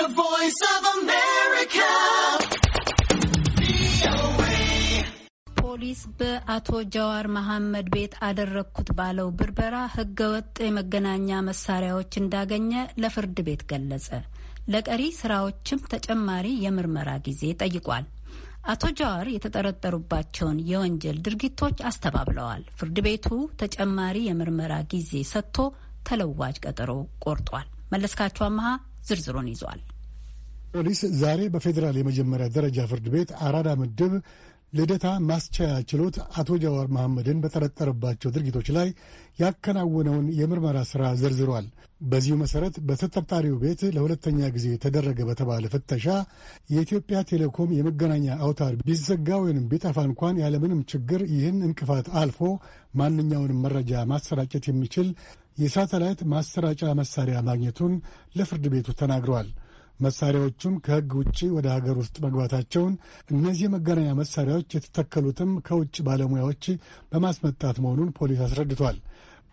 The Voice of America. ፖሊስ በአቶ ጀዋር መሐመድ ቤት አደረግኩት ባለው ብርበራ ህገወጥ የመገናኛ መሳሪያዎች እንዳገኘ ለፍርድ ቤት ገለጸ። ለቀሪ ስራዎችም ተጨማሪ የምርመራ ጊዜ ጠይቋል። አቶ ጃዋር የተጠረጠሩባቸውን የወንጀል ድርጊቶች አስተባብለዋል። ፍርድ ቤቱ ተጨማሪ የምርመራ ጊዜ ሰጥቶ ተለዋጭ ቀጠሮ ቆርጧል። መለስካቸው አመሃ ዝርዝሩን ይዟል። ፖሊስ ዛሬ በፌዴራል የመጀመሪያ ደረጃ ፍርድ ቤት አራዳ ምድብ ልደታ ማስቻያ ችሎት አቶ ጃዋር መሐመድን በጠረጠረባቸው ድርጊቶች ላይ ያከናወነውን የምርመራ ሥራ ዘርዝሯል። በዚሁ መሠረት በተጠርጣሪው ቤት ለሁለተኛ ጊዜ ተደረገ በተባለ ፍተሻ የኢትዮጵያ ቴሌኮም የመገናኛ አውታር ቢዘጋ ወይም ቢጠፋ እንኳን ያለምንም ችግር ይህን እንቅፋት አልፎ ማንኛውንም መረጃ ማሰራጨት የሚችል የሳተላይት ማሰራጫ መሳሪያ ማግኘቱን ለፍርድ ቤቱ ተናግረዋል። መሳሪያዎቹም ከሕግ ውጭ ወደ ሀገር ውስጥ መግባታቸውን፣ እነዚህ የመገናኛ መሳሪያዎች የተተከሉትም ከውጭ ባለሙያዎች በማስመጣት መሆኑን ፖሊስ አስረድቷል።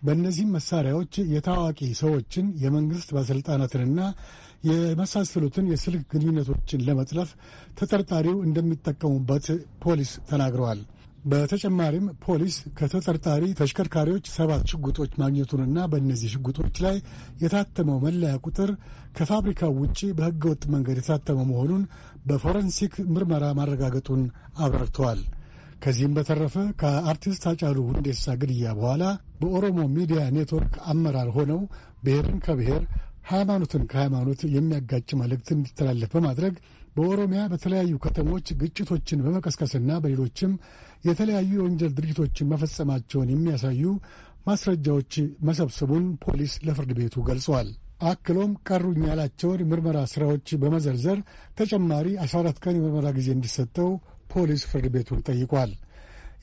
በእነዚህም መሳሪያዎች የታዋቂ ሰዎችን የመንግሥት ባለሥልጣናትንና የመሳሰሉትን የስልክ ግንኙነቶችን ለመጥለፍ ተጠርጣሪው እንደሚጠቀሙበት ፖሊስ ተናግረዋል። በተጨማሪም ፖሊስ ከተጠርጣሪ ተሽከርካሪዎች ሰባት ሽጉጦች ማግኘቱንና በእነዚህ ሽጉጦች ላይ የታተመው መለያ ቁጥር ከፋብሪካው ውጭ በህገወጥ መንገድ የታተመ መሆኑን በፎረንሲክ ምርመራ ማረጋገጡን አብራርተዋል። ከዚህም በተረፈ ከአርቲስት አጫሉ ሁንዴሳ ግድያ በኋላ በኦሮሞ ሚዲያ ኔትወርክ አመራር ሆነው ብሔርን ከብሔር ሃይማኖትን ከሃይማኖት የሚያጋጭ መልእክት እንዲተላለፍ በማድረግ በኦሮሚያ በተለያዩ ከተሞች ግጭቶችን በመቀስቀስና በሌሎችም የተለያዩ የወንጀል ድርጊቶችን መፈጸማቸውን የሚያሳዩ ማስረጃዎች መሰብሰቡን ፖሊስ ለፍርድ ቤቱ ገልጿል። አክሎም ቀሩኝ ያላቸውን ምርመራ ስራዎች በመዘርዘር ተጨማሪ 14 ቀን የምርመራ ጊዜ እንዲሰጠው ፖሊስ ፍርድ ቤቱን ጠይቋል።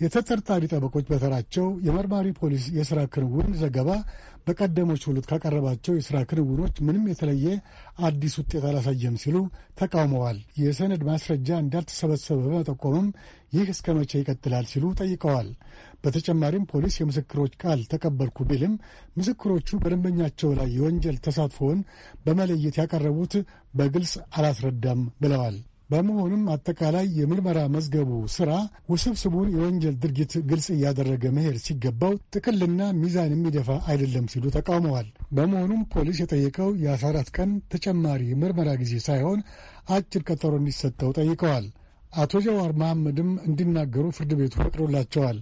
የተጠርጣሪ ጠበቆች በተራቸው የመርማሪ ፖሊስ የሥራ ክንውን ዘገባ በቀደመው ችሎት ካቀረባቸው የሥራ ክንውኖች ምንም የተለየ አዲስ ውጤት አላሳየም ሲሉ ተቃውመዋል። የሰነድ ማስረጃ እንዳልተሰበሰበ በመጠቆምም ይህ እስከ መቼ ይቀጥላል ሲሉ ጠይቀዋል። በተጨማሪም ፖሊስ የምስክሮች ቃል ተቀበልኩ ቢልም ምስክሮቹ በደንበኛቸው ላይ የወንጀል ተሳትፎውን በመለየት ያቀረቡት በግልጽ አላስረዳም ብለዋል። በመሆኑም አጠቃላይ የምርመራ መዝገቡ ስራ ውስብስቡን የወንጀል ድርጊት ግልጽ እያደረገ መሄድ ሲገባው ጥቅልና ሚዛን የሚደፋ አይደለም ሲሉ ተቃውመዋል። በመሆኑም ፖሊስ የጠየቀው የ14 ቀን ተጨማሪ ምርመራ ጊዜ ሳይሆን አጭር ቀጠሮ እንዲሰጠው ጠይቀዋል። አቶ ጀዋር መሐመድም እንዲናገሩ ፍርድ ቤቱ ፈቅዶላቸዋል።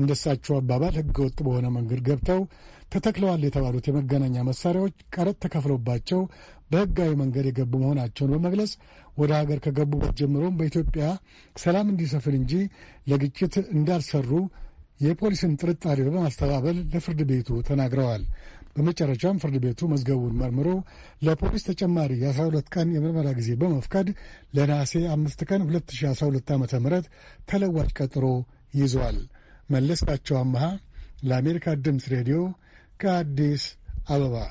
እንደሳቸው አባባል ህገወጥ በሆነ መንገድ ገብተው ተተክለዋል የተባሉት የመገናኛ መሳሪያዎች ቀረጥ ተከፍሎባቸው በህጋዊ መንገድ የገቡ መሆናቸውን በመግለጽ ወደ ሀገር ከገቡበት ጀምሮም በኢትዮጵያ ሰላም እንዲሰፍን እንጂ ለግጭት እንዳልሰሩ የፖሊስን ጥርጣሬ በማስተባበል ለፍርድ ቤቱ ተናግረዋል። በመጨረሻም ፍርድ ቤቱ መዝገቡን መርምሮ ለፖሊስ ተጨማሪ የ12 ቀን የምርመራ ጊዜ በመፍቀድ ለነሐሴ አምስት ቀን 2012 ዓ ም ተለዋጭ ቀጠሮ ይዟል። መለስካቸው አመሃ ለአሜሪካ ድምፅ ሬዲዮ ከአዲስ አበባ